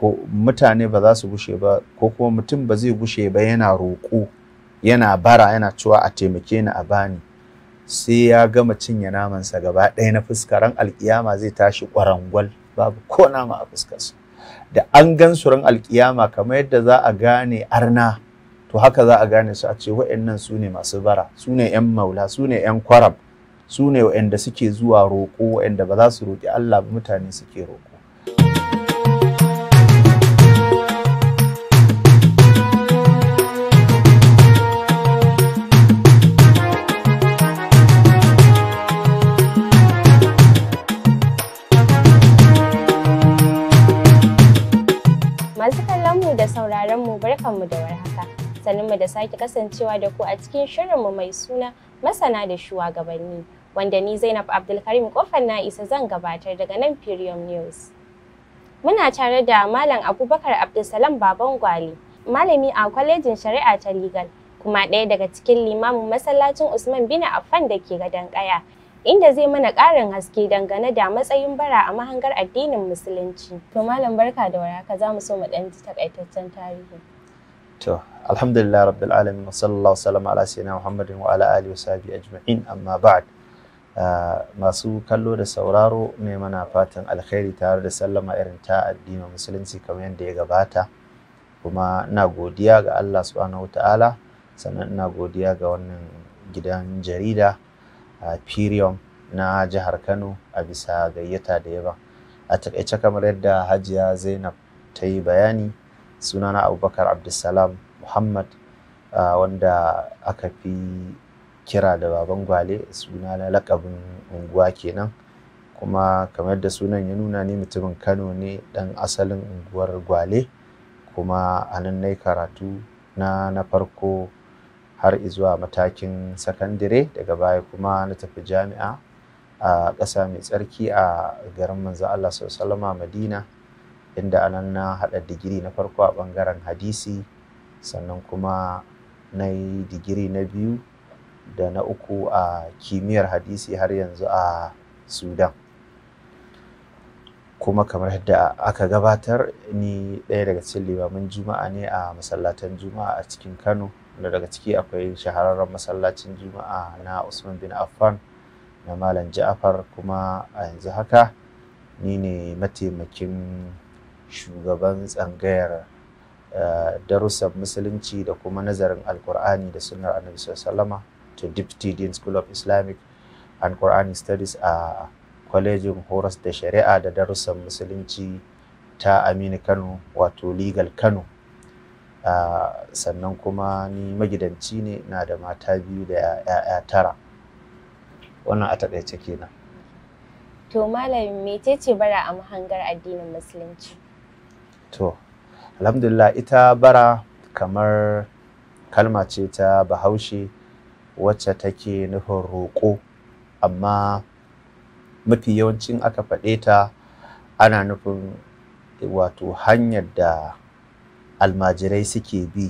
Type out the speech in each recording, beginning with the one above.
ko mutane ba za su gushe ba ko kuma mutum ba zai gushe ba yana roƙo yana bara yana cewa a taimake ni a bani sai ya gama cinye namansa gaba ɗaya na fuska ran alkiyama zai tashi ƙwarangwal babu ko nama a fuskarsa da an gan su ran alkiyama kamar yadda za a gane arna to haka za a gane su a ce wa'annan su ne masu bara su ne 'yan maula su ne 'yan kwarab su ne wa'anda suke zuwa roƙo wa'anda ba za su roƙi Allah ba mutane suke roƙo Masu kallon mu da sauraron mu barkanmu da warhaka. sanin mu da sake kasancewa da ku a cikin shirin mu mai suna masana da shugabanni wanda ni Zainab Abdulkarim kofar na isa zan gabatar daga nan Premium News. Muna tare da Malam Abubakar Abdulsalam Baban Gwali malami a kwalejin shari'a ta Legal kuma ɗaya daga cikin limamin masallacin Usman bin Affan da ke gadon ƙaya inda zai mana ƙarin haske dangane da matsayin bara a mahangar addinin musulunci. To malam barka da warhaka za mu so mu ɗan ji takaitaccen tarihi. To alhamdulillah rabbil alamin wa sallallahu sallam ala sayyidina Muhammadin wa ala alihi wa ajma'in amma ba'd. Ah, masu kallo da sauraro ne mana fatan alkhairi tare da sallama irin ta addinin musulunci kamar yadda ya gabata kuma ina godiya ga Allah subhanahu wa ta'ala sannan ina godiya ga wannan gidan jarida firiyon na jihar kano a bisa gayyata da yaba. a takaice kamar yadda hajiya zainab ta yi bayani sunana abubakar abdulsalam muhammad wanda aka fi kira da baban gwale suna na lakabin unguwa kenan kuma kamar yadda sunan ya nuna ni mutumin kano ne dan asalin unguwar gwale kuma a nan na karatu na na farko har zuwa matakin sakandire daga baya kuma na tafi jami'a a ƙasa mai tsarki a garin manzo Allah sallama Madina inda anan na haɗa digiri na farko a ɓangaren hadisi sannan kuma na yi digiri na biyu da na uku a kimiyyar hadisi har yanzu a Sudan kuma kamar yadda aka gabatar ni ɗaya daga cikin limamin juma'a ne a masallatan juma'a a cikin Kano wanda daga ciki akwai shahararren masallacin juma'a na usman bin affan na malam Jafar. kuma a yanzu haka ni ne mataimakin shugaban tsangayar eh, darussan musulunci da kuma nazarin alkur'ani da sunnar annabi sallama to deputy dean school of islamic and quranic studies a kwalejin horas da shari'a da darussan musulunci ta aminu kano wato legal kano sannan kuma ni magidanci ne na da mata biyu da ya tara wannan a taƙaice kenan to malam ce bara a mahangar addinin musulunci to alhamdulillah ita bara kamar kalma ce ta bahaushe wacce take nufin roƙo amma mafi yawancin aka faɗe ta ana nufin wato hanyar da almajirai suke bi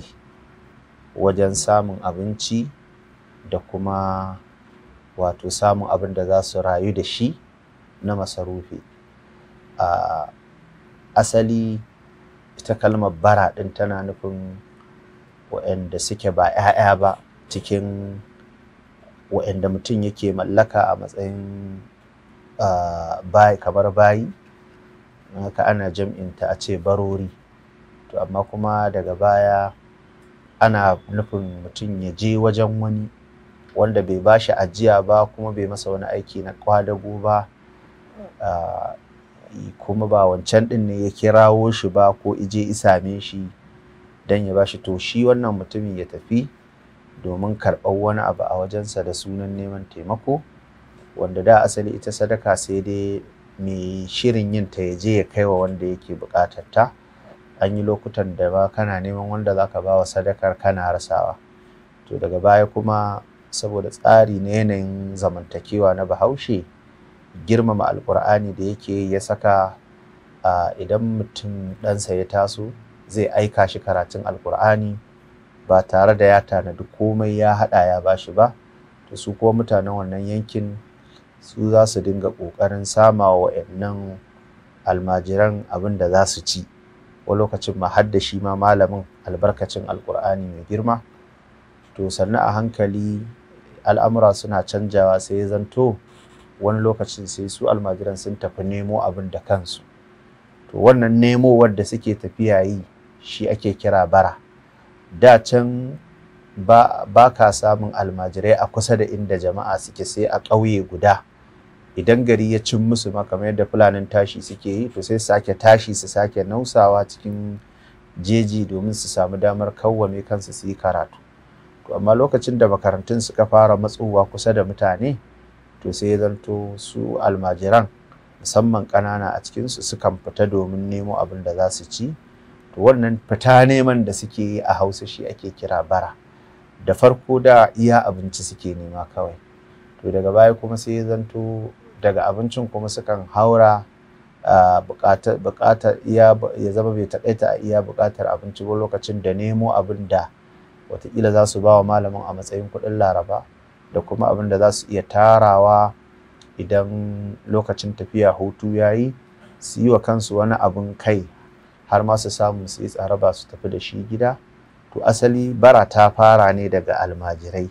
wajen samun abinci da kuma wato samun abin da za su rayu da shi na masarufi a asali ita kalmar bara ɗin tana nufin waɗanda suke ba 'ya'ya ba cikin waɗanda mutum yake mallaka a matsayin bayi kamar bayi haka ana jam'inta a ce barori to amma kuma daga baya ana nufin mutum ya je wajen wani wanda bai ba shi ajiya ba kuma bai masa wani aiki na kwadago ba ah, kuma ba wancan ɗin ne ya kirawo shi ba ko ije isame shi don ya ba shi to shi wannan mutumin ya tafi domin karɓar wani abu a wajensa da sunan neman taimako wanda da asali ita sadaka sai dai mai shirin yin ta ya je ya kai wa wanda yake buƙatar ta an yi lokutan da ba kana neman wanda za ka ba wa sadakar kana rasawa to daga baya kuma saboda tsari na yanayin zamantakewa na bahaushe girmama alkur'ani da yake ya saka idan mutum ɗansa ya taso zai aika shi karatun alkur'ani ba tare da ya tanadi komai ya haɗa ya ba shi ba to su kuma mutanen wannan yankin su za su dinga ƙoƙarin sama wa almajiran abin da za su ci wani lokacin ma har shi ma malamin albarkacin alkur'ani mai girma to sannan a hankali al'amura suna canjawa sai ya zanto wani lokacin sai su almajiran sun tafi nemo abin da kansu to wannan nemo wadda suke tafiya yi shi ake kira bara da can ba, ba ka samun almajirai a kusa da inda jama'a suke sai a ƙauye guda idan gari ya cin musu ma kamar yadda fulanin tashi suke yi to sai sake tashi su sake nausawa cikin jeji domin su samu damar kawwame kansu su yi karatu to amma lokacin da makarantun suka fara matsowa kusa da mutane to sai zanto su almajiran musamman ƙanana a cikinsu sukan fita domin nemo abin da za su ci to wannan fita neman da suke yi a hausa shi ake kira bara da farko da iya abinci suke nema kawai to daga baya kuma sai ya zanto daga abincin kuma sukan haura bukatar ya zama bai takaita a iya bukatar abinci ba lokacin da nemo abin da watakila za su ba wa malamin a matsayin kuɗin laraba da kuma abin da za su iya tarawa idan lokacin tafiya hutu ya yi su yi wa kansu wani abin kai har ma su samu su yi tsaraba su tafi da shi gida to asali bara ta fara ne daga almajirai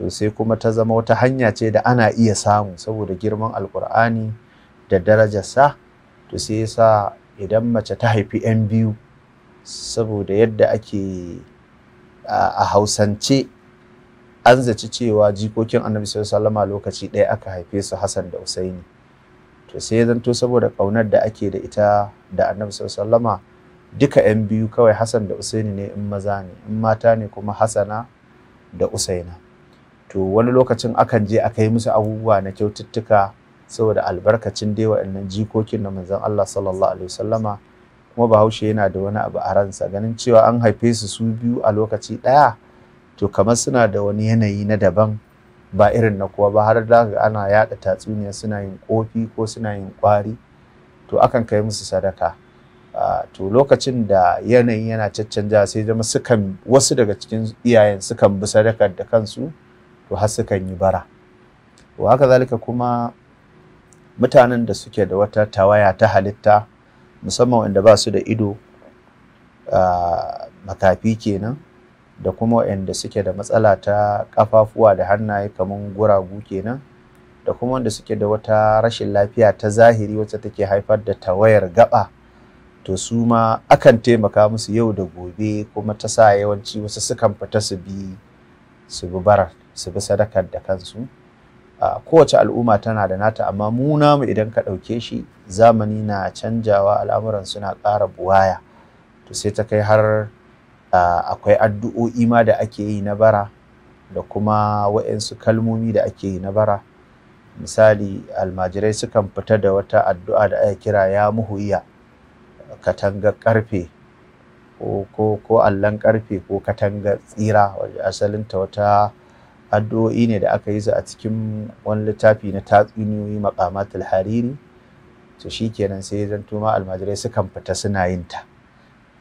to sai kuma ta zama wata hanya ce da ana iya samu saboda girman alkur'ani da darajarsa to sai yasa idan mace ta haifi 'yan biyu saboda yadda ake a hausance an zaci cewa jikokin annabi sallama lokaci ɗaya aka haife su hassan da usaini to sai ya zanto saboda ƙaunar da ake da ita da annabi sallama duka 'yan biyu kawai hassan da usaini ne in maza ne in mata ne kuma hassana da usaina to wani lokacin akan je aka yi musu abubuwa na kyaututtuka saboda albarkacin dai waɗannan jikokin na manzon Allah sallallahu alaihi wasallama kuma bahaushe yana da wani abu a ransa ganin cewa an haife su su biyu a lokaci ɗaya to kamar suna da wani yanayi na daban ba irin na kuwa ba har da ana yaɗa tatsuniya suna yin kofi ko suna yin kwari to akan kai musu sadaka to lokacin da yanayin yana caccanja sai zama sukan wasu daga cikin iyayen sukan bi sadaka da kansu to har sukan yi bara wa haka zalika kuma mutanen da suke da wata tawaya ta halitta musamman wanda ba su da ido makafi kenan da kuma wanda suke da matsala ta kafafuwa da hannaye kamar guragu kenan da kuma wanda suke da wata rashin lafiya ta zahiri wacce take haifar da tawayar gaba to su ma akan taimaka musu yau da gobe kuma ta sa yawanci wasu sukan fita su bi su bi barar su bi sadakar da kansu kowace al'umma tana da nata amma mu namu idan ka ɗauke shi zamani na canjawa al'amuran suna ƙara buwaya to sai ta kai har akwai addu'o'i ma da ake yi na bara da kuma wa'insu kalmomi da ake yi na bara misali almajirai sukan fita da wata addu'a da ake kira ya muhuya katanga karfe ko allon karfe ko katanga tsira asalinta wata addu'o'i ne da aka yi su a cikin wani littafi na tatsuniyoyi maqamatul hariri to shi kenan sai zan tuma almajirai sukan fita suna yin ta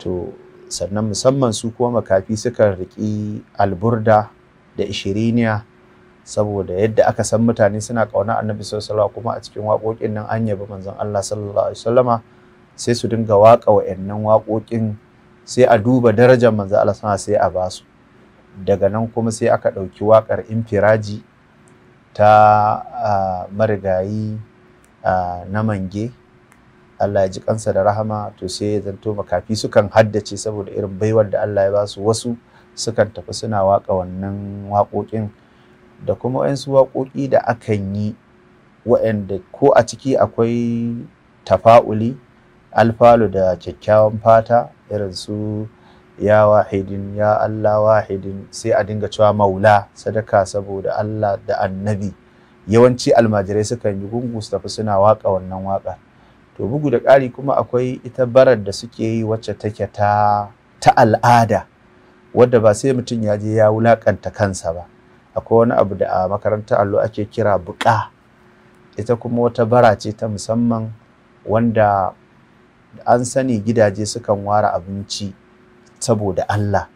to sannan musamman su kuma makafi sukan riƙi alburda da ishiriniya saboda yadda aka san mutane suna ƙauna annabi sallallahu kuma a cikin waƙoƙin nan an yabi manzon Allah sallallahu alaihi wasallama sai su dinga waƙa wa'annan waƙoƙin sai a duba darajar manzon Allah sai a basu daga nan kuma sai aka ɗauki waƙar infiraji ta marigayi na mange Allah ya ji kansa da rahama to sai ya zanto makafi sukan haddace saboda irin baiwar da Allah ya basu wasu sukan tafi suna waka wannan waƙoƙin da kuma wayansu waƙoƙi da akan yi waɗanda ko a ciki akwai tafa'uli alfalu da kyakkyawan fata irin su ya wahidin ya Allah wahidin sai a dinga cewa maula sadaka saboda Allah da annabi yawanci almajirai sukan yi gungu su tafi suna waka wannan waka to bugu da ƙari kuma akwai ita barar da suke yi wacce take ta ta al'ada wadda ba sai mutum ya je ya wulakanta kansa ba akwai wani abu da a makarantar allo ake kira buƙa ita kuma wata bara ce ta musamman wanda an sani gidaje sukan ware abinci saboda Allah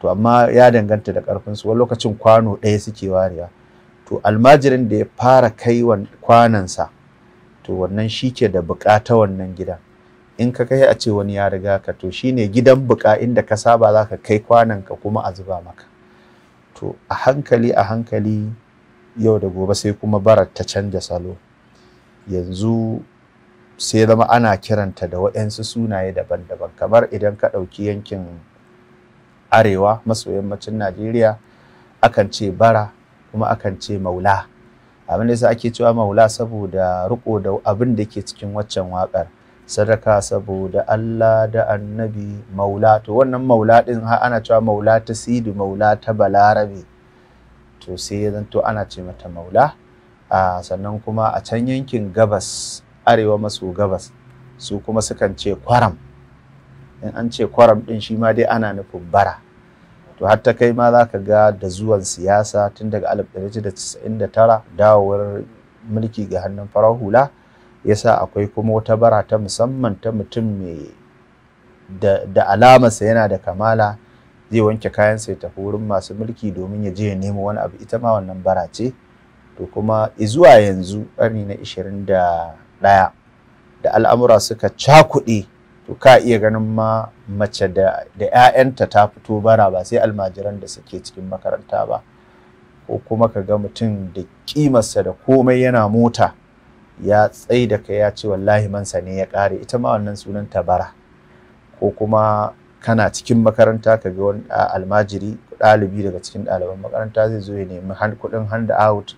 to amma ya danganta da karfin su wani lokacin kwano ɗaya suke warewa to almajirin da ya fara kai kwanansa to wannan shi ke da bukata wannan gida in ka kai a ce wani ya riga ka to shine gidan buka inda ka saba za ka kai kwananka kuma a zuba maka to a hankali a hankali yau da gobe sai kuma barar ta canja salo yanzu sai zama ana kiranta da waɗansu sunaye daban-daban kamar idan ka ɗauki yankin arewa maso yammacin najeriya akan ce bara kuma akan ce maula abin da yasa ake cewa maula saboda riko da abin da ke cikin waccan wakar sadaka saboda Allah da annabi maula to wannan maula din ha ana cewa maula ta sidi maula ta balarabe to sai ya zanto ana ce mata maula a sannan kuma a can yankin gabas arewa maso gabas su kuma sukan ce kwaram in an ce kwaram din shi ma dai ana nufin bara to har ta kai ma za ka ga da zuwan siyasa tun daga 1999 dawowar mulki ga hannun farar hula ya sa akwai kuma wata bara ta musamman ta mutum mai da alamarsa yana da kamala zai wanke kayansa ya tafi wurin masu mulki domin ya je ya nemo wani abu ita ma wannan bara ce to kuma zuwa yanzu ƙarni na 21 da al'amura suka cakuɗe to ka iya ganin ma mace da 'ya'yanta ta fito bara ba sai almajiran da suke cikin makaranta ba ko kuma ka ga mutum da kimarsa da komai yana mota ya tsai da ka ya ce wallahi mansa ne ya kare ita ma wannan sunan ta bara ko kuma kana cikin makaranta ka ga wani almajiri ɗalibi daga cikin ɗaliban makaranta zai zo ya nemi kuɗin hand out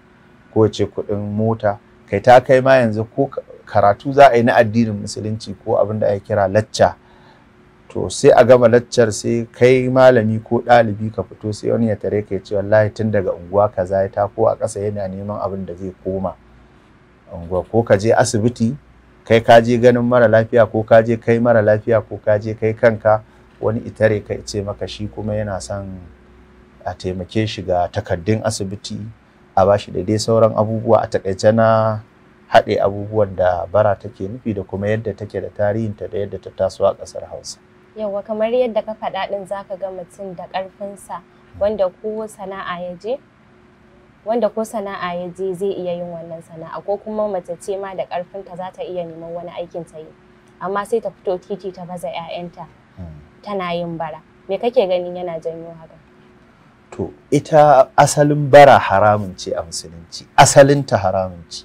ko ce kuɗin mota kai ta kai ma yanzu ko karatu za a yi na addinin musulunci ko abin da ake kira lacca to sai a gama laccar sai kai malami ko ɗalibi ka fito sai wani ya tare ka ce wallahi tun daga unguwa ka kaza ta ko a ƙasa yana neman abin da zai koma unguwa ko ka je asibiti kai ka je ganin mara lafiya ko ka je kai mara lafiya ko ka je kai kanka wani itare ka ce maka shi kuma yana son a taimake shi ga takaddun asibiti a bashi da dai sauran abubuwa a takaice na haɗe abubuwan da bara take nufi da kuma yadda take da tarihinta da yadda ta taso a ƙasar hausa yawa kamar yadda ka faɗa ɗin zaka ga mutum da ƙarfinsa wanda ko sana'a ya je wanda ko sana'a ya je zai iya yin wannan sana'a ko kuma mace ce ma da ƙarfinta za ta iya neman wani aikin ta yi amma sai ta fito titi ta baza 'ya'yanta hmm. tana yin bara me kake ganin yana janyo haka to ita asalin bara haramun ce a musulunci asalinta haramun ce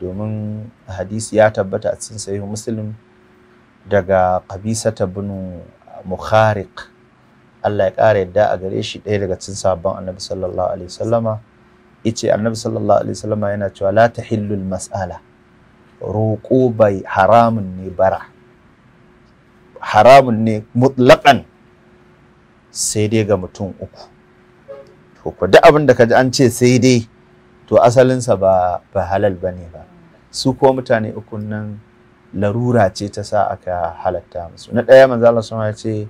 domin hadisi ya tabbata a cikin sahihu muslim daga qabisata bin mukhariq Allah ya ƙara yadda a gare shi ɗaya daga cikin sabon annabi sallallahu alaihi wasallama yace annabi sallallahu alaihi wasallama yana cewa la tahillul mas'ala roƙo bai haramun ne bara haramun ne mutlaƙan sai dai ga mutum uku to ku duk abin da ka ji an ce sai dai to asalinsa ba ba halal bane ba su ko mutane uku nan larura ce ta sa aka halatta musu na ɗaya manzo Allah ya ce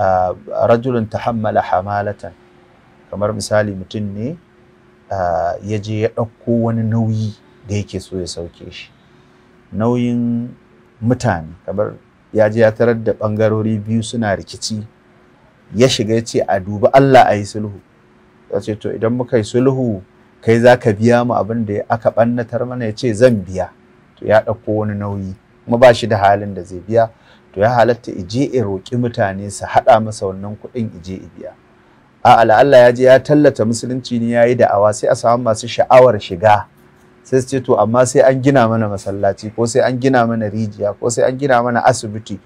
ah, rajulun tahammala hamalatan kamar misali mutum ne ah, ya je ya ɗauko wani nauyi da yake so ya sauke shi nauyin mutane kamar ya je ya tarar da ɓangarori biyu suna rikici ya shiga ya ce a duba Allah ayi sulhu ya ce to idan muka yi sulhu kai za ka biya mu abin da aka ɓannatar mana ya ce zan biya to ya ɗauko wani nauyi kuma ba shi da halin da zai biya to ya halatta ije in roƙi mutane su haɗa masa wannan kuɗin ije i biya a ya je ya tallata musulunci ne ya yi da'awa sai a samu masu sha'awar shiga sai su ce to amma sai an gina mana masallaci ko sai an gina mana rijiya ko sai an gina mana asibiti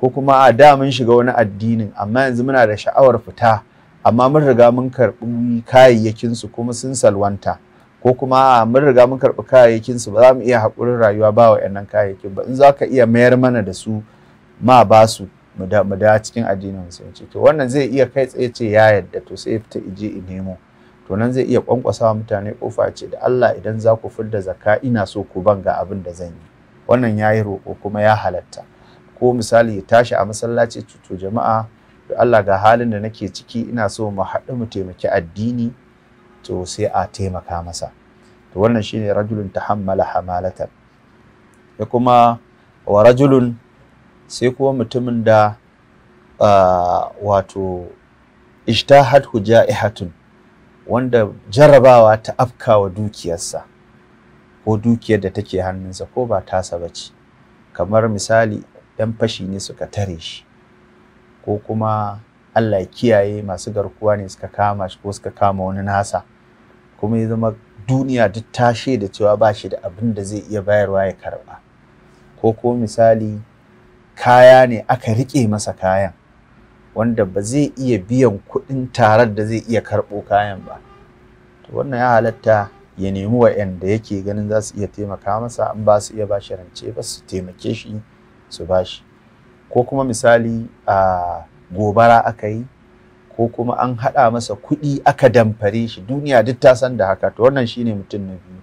ko kuma a da mun shiga wani addinin amma yanzu muna da sha'awar fita amma mun riga mun karɓi su kuma sun salwanta ko kuma mun riga mun karɓi su ba za mu iya haƙurin rayuwa ba wa nan kayayyakin ba in za ka iya mayar mana da su ma ba su mu da cikin addinin musulunci to wannan zai iya kai tsaye ce ya yadda to sai fita ije in nemo to nan zai iya kwankwasa wa mutane kofa ce da Allah idan za ku fidda zakka ina so ku ban ga abin da zan yi wannan yayi yi roƙo kuma ya halatta ko misali ya tashi a masallaci to jama'a Allah ga halin da nake ciki ina so mu haɗu mu taimaki addini to sai a taimaka masa to wannan shine rajulun tahammala hamalatan ya kuma wa rajulun sai kuma mutumin da wato ijtahadhu hujaihatun wanda jarabawa ta afkawa dukiyarsa ko dukiyar da take hannunsa ko ba tasa ba ci. kamar misali 'yan fashi ne suka tare shi ko kuma Allah ya kiyaye masu garkuwa ne suka kama shi ko suka kama wani nasa kuma ya zama duniya duk tashe da cewa ba shi da abin da zai iya bayarwa ya karba ko ko misali kaya ne aka rike masa kayan wanda ba zai iya biyan kuɗin tarar da zai iya karɓo kayan ba to wannan ya halatta ya nemi wa'yanda yake ganin za su iya taimaka masa in ba su iya ba shi rance ba su taimake shi su ba shi ko kuma misali a gobara aka yi ko kuma an haɗa masa kuɗi aka damfare shi duniya duk ta san da haka to wannan shine mutum na biyu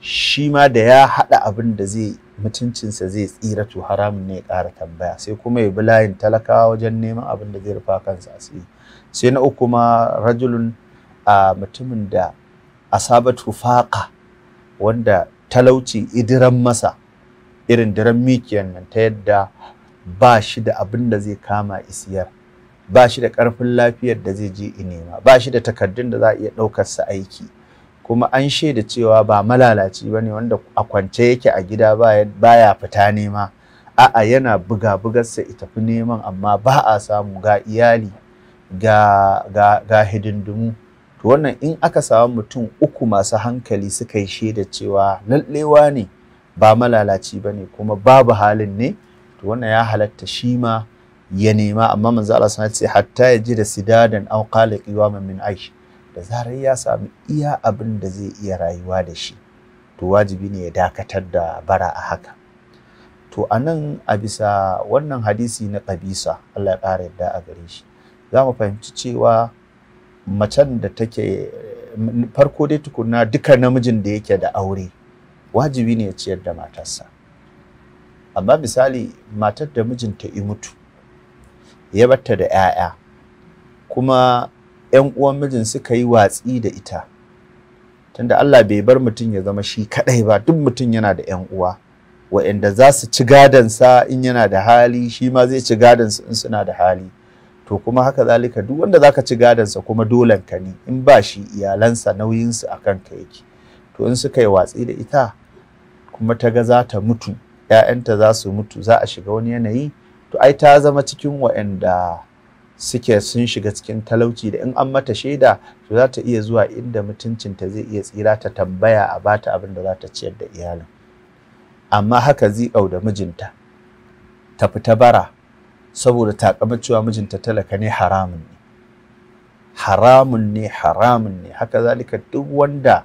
shi ma da ya haɗa abin da zai mutuncinsa zai tsira to haramun ne ya ƙara tambaya sai kuma ya bi layin talakawa wajen neman abin da zai rufa kansa asiri sai na uku ma rajulun a mutumin da a asabatu faƙa wanda talauci idiran masa irin diran mikiyan nan ta yadda ba shi da abin da zai kama isiyar ba shi da ƙarfin lafiyar da zai je inema ba shi da takardun da za a iya ɗaukar sa aiki kuma an shaida cewa ba malalaci ba ne wanda a kwance yake a gida ba ya fita nema a'a yana buga bugarsa ita tafi neman amma ba a samu ga iyali ga, ga, ga hidindimu to wannan in aka samu mutum uku masu hankali suka yi shaida cewa lallewa ne ba malalaci ba ne kuma babu halin ne to wannan ya halatta shi ma ya nema amma manzo Allah sana ce hatta ya ji da sidadan aw qala qiwaman min aish da zarar ya samu iya abin da zai iya rayuwa da shi to wajibi ne ya dakatar da bara a haka to anan a bisa wannan hadisi na kabisa Allah ya ƙara yadda a gare shi za mu fahimci cewa macen da take farko dai tukunna duka namijin da yake da aure wajibi ne ya ciyar da matarsa amma misali matar da mijinta ya mutu ya batta da 'ya'ya kuma 'yan uwan mijin suka yi watsi da ita tunda Allah bai bar mutum ya zama shi kadai ba duk mutum yana da 'yan uwa wa'anda za su ci sa in yana da hali shi ma zai ci su in suna da hali to kuma haka zalika duk wanda zaka ci gadansa kuma dolan ka ne in ba shi iyalansa nauyinsu a ka yake to in suka yi watsi da ita kuma ta ga za ta mutu 'ya'yanta za su mutu za a shiga wani yanayi to ai ta zama cikin waɗanda suke sun shiga cikin talauci da in an mata shaida to za ta iya zuwa inda mutuncinta zai iya tsira ta tambaya a bata abin da za ta ciyar da iyalin amma haka zikau da mijinta ta fita bara saboda takamar cewa mijinta talaka ne haramun ne haramun ne haramun ne haka zalika duk wanda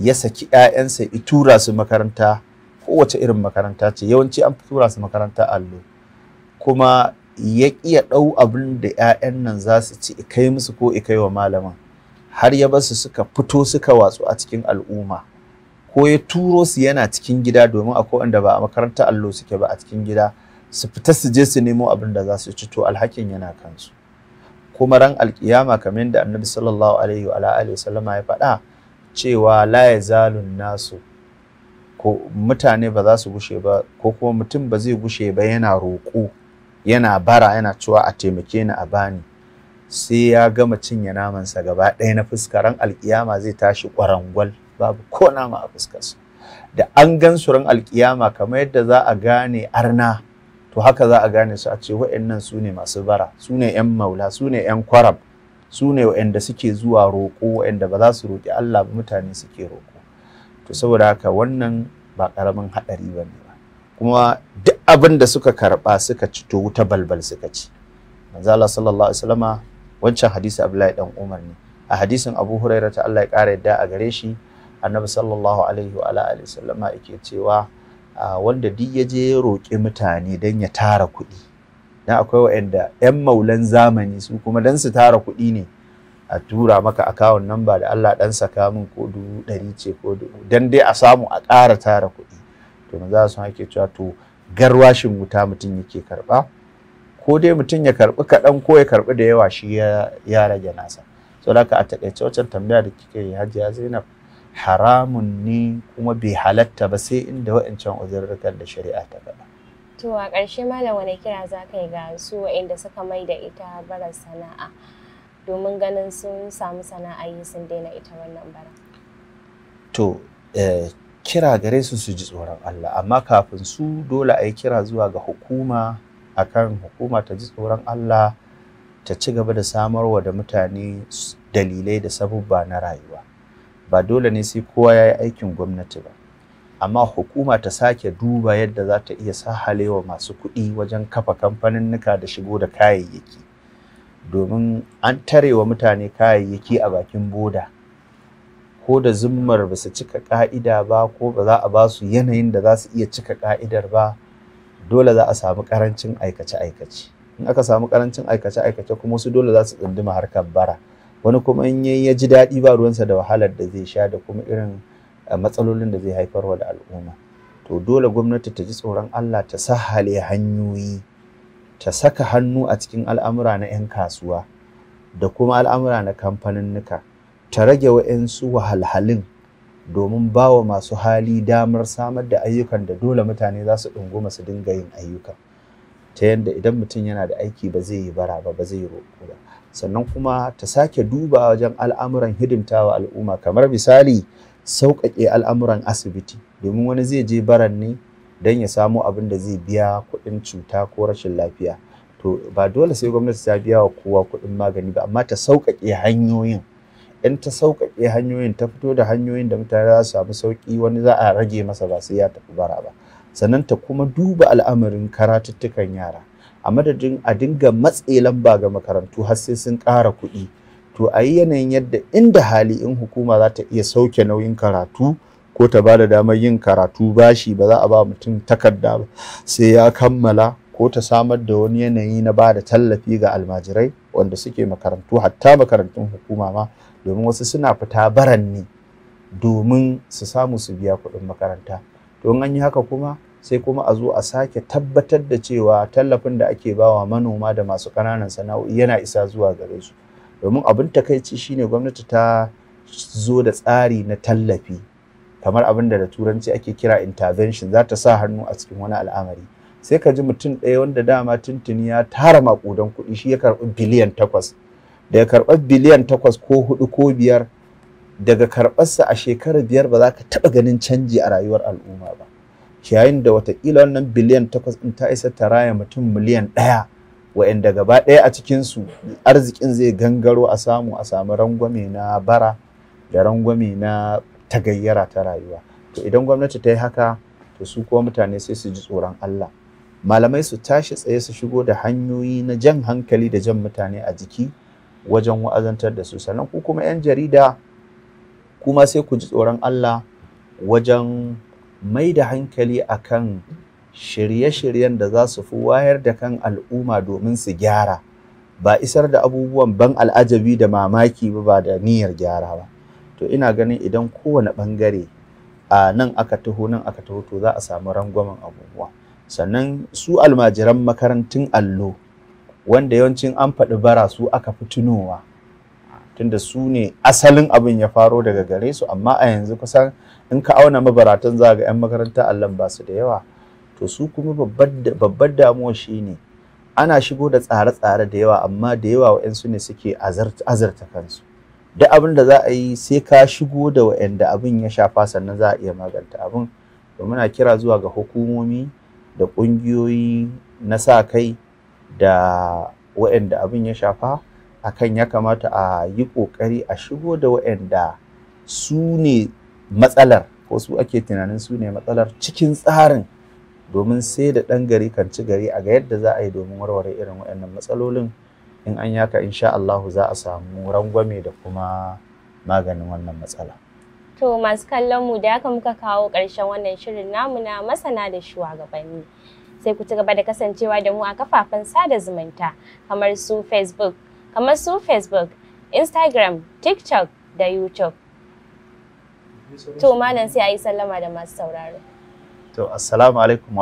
ya saki 'ya'yansa tura su makaranta kowace irin makaranta ce yawanci an fi tura su makaranta allo kuma ya iya ɗau abin da 'ya'yan nan za su ci ikai musu ko ikai wa malaman har ya basu suka fito suka watsu a cikin al'umma ko ya turo su yana cikin gida domin akwai wanda ba a makaranta allo suke ba a cikin gida su fita su je su nemo abin da za su ci to alhakin yana kansu kuma ran alkiyama kamar da annabi sallallahu alaihi wa alihi ya faɗa cewa la yazalun nasu ko mutane ba za su gushe ba ko kuma mutum ba zai gushe ba yana roƙo yana bara yana cewa a taimake ni a bani sai ya gama cinye namansa gaba ɗaya na fuska ran alkiyama zai tashi ƙwarangwal babu ko nama a fuskarsa da an gan su ran alkiyama kamar yadda za a gane arna to haka za a gane su a ce wa'annan su ne masu bara su ne 'yan maula su ne 'yan kwarab su ne wa'anda suke zuwa roƙo wa'anda ba za su roƙi Allah ba mutane suke roƙo to saboda haka wannan ba karamin haɗari ba ba kuma duk abin da suka karɓa suka ci to wuta balbal suka ci manzala sallallahu alaihi wasallama wancan hadisi abdullahi dan umar ne a hadisin abu huraira ta allah ya ƙara yadda a gare shi annabi sallallahu alaihi wa alihi wasallama yake cewa wanda duk ya je ya roƙi mutane dan ya tara kuɗi dan akwai wa'anda 'yan maulan zamani su kuma dan su tara kuɗi ne a tura maka akawun namba da Allah dan saka min ko dubu ɗari ce ko dubu dan dai a samu a ƙara tara kuɗi to maza su hake cewa to garwashin wuta mutum yake karba ko dai mutum ya karɓi kaɗan ko ya karɓi da yawa shi ya rage nasa saboda a taƙaice wacce tambaya da kike yi ya Zainab haramun ne kuma bai halatta ba sai inda wa'ancan uzurrukan da shari'a ta gaba. To a ƙarshe malam wani kira za ka yi ga su wa'inda suka mai da ita bara sana'a domin ganin sun samu sana'ayi sun daina ita wannan bara to eh, kira gare su su ji tsoron Allah amma kafin su dole a yi kira zuwa ga hukuma akan hukuma ta ji tsoron Allah ta ci gaba da samarwa da mutane dalilai da sabubba na rayuwa ba dole ne sai kowa ya yi aikin gwamnati ba amma hukuma ta sake duba yadda za ta iya sahalewa masu kuɗi wajen kafa kamfanin kamfaninnika da shigo da kayayyaki domin an tare wa mutane kayayyaki a bakin boda ko da zummar ba su cika ka'ida ba ko ba za a ba su yanayin da za su iya cika ka'idar ba dole za a samu karancin aikace-aikace in aka samu karancin aikace-aikace kuma su dole za su tsunduma harkar bara wani kuma in ya ji daɗi ba ruwansa da wahalar da zai sha da kuma irin eh, matsalolin da zai haifarwa da al'umma to dole gwamnati ta ji tsoron Allah ta sahale hanyoyi ta saka hannu a cikin al'amura na 'yan kasuwa da kuma al'amura na kamfaninnika ta rage wa'insu wahalhalin domin ba wa masu hali damar samar da ayyukan da dole mutane za su ɗunguma su dinga yin ayyuka ta yadda idan mutum yana da aiki ba zai yi bara ba ba zai roƙo ba sannan kuma ta sake duba wajen al'amuran hidimtawa al'umma kamar misali sauƙaƙe al'amuran asibiti domin wani zai je baran ne don ya samo abin da zai biya kuɗin cuta ko rashin lafiya to ba dole sai gwamnati ta biya wa kowa kuɗin magani ba amma ta sauƙaƙe hanyoyin in ta sauƙaƙe hanyoyin ta fito da hanyoyin da mutane za su samu sauƙi wani za a rage masa ba sai ya tafi bara ba sannan ta kuma duba al'amarin karatuttukan yara a madadin a dinga matse lamba ga makarantu har sai sun ƙara kuɗi to a yi yanayin yadda inda hali in hukuma za ta iya sauke nauyin karatu ko ta ba damar yin karatu bashi ba za a ba mutum takarda ba sai ya kammala ko ta samar da wani yanayi na ba da tallafi ga almajirai wanda suke makarantu hatta makarantun hukuma ma domin wasu suna fita baran domin su samu su biya kuɗin makaranta don an yi haka kuma sai kuma a zo a sake tabbatar da cewa tallafin da ake bawa manoma da masu ƙananan sana'o'i yana isa zuwa gare su domin abin takaici shine gwamnati ta zo da tsari na tallafi kamar abin da da turanci ake kira intervention za ta sa hannu a cikin wani al'amari sai ka ji mutum ɗaya wanda dama tuntuni ya tara makudan kuɗi shi ya karɓi biliyan takwas da ya karɓar biliyan takwas ko hudu ko biyar daga karɓarsa a shekarar biyar ba za ka taɓa ganin canji a rayuwar al'umma ba yayin da watakila wannan biliyan takwas in ta isa ta raya mutum miliyan ɗaya wa'anda gaba ɗaya a cikinsu arzikin zai gangaro a samu a samu rangwame na bara da rangwame na ta gayyara ta rayuwa to idan gwamnati ta yi haka to su kuma mutane sai su ji tsoron Allah malamai su tashi tsaye su shigo da hanyoyi na jan hankali da jan mutane a jiki wajen wa'azantar da su sannan ku kuma 'yan jarida kuma sai ku ji tsoron Allah wajen mai da hankali akan shirye-shiryen da za su fi wayar da kan al'umma domin su gyara ba isar da abubuwan ban al'ajabi da mamaki ba ba da niyyar gyara ba to ina ganin idan kowane ɓangare a nan aka taho nan aka taho to za a samu rangwamen abubuwa sannan su almajiran makarantun allo wanda yawancin an faɗi bara su aka fi tunowa tunda su ne asalin abin ya faro daga gare su amma a yanzu kusan in ka auna mabaratan za ga 'yan makaranta allon ba su da yawa to su kuma babbar damuwa shi ne. ana shigo da tsare-tsare da yawa amma da yawa wa'yansu ne suke azarta kansu duk abin da za a yi sai ka shigo da wa'anda abin ya shafa sannan za a iya maganta abin to muna kira zuwa ga hukumomi da ƙungiyoyi na sa kai da wa'anda abin ya shafa akan ya kamata a yi ƙoƙari a shigo da wa'anda su ne matsalar ko su ake tunanin su ne matsalar cikin tsarin domin sai da ɗan gari kan ci gari a ga yadda za a yi domin warware irin waɗannan matsalolin in an yaka insha Allahu za a samu rangwame da kuma maganin wannan matsala. To masu kallon mu da haka muka kawo ƙarshen wannan shirin namu na masana da shugabanni. Sai ku ci gaba da kasancewa da mu a kafafen sada zumunta kamar su Facebook, kamar su Facebook, Instagram, TikTok da YouTube. To malam sai a yi sallama da masu sauraro. To assalamu alaikum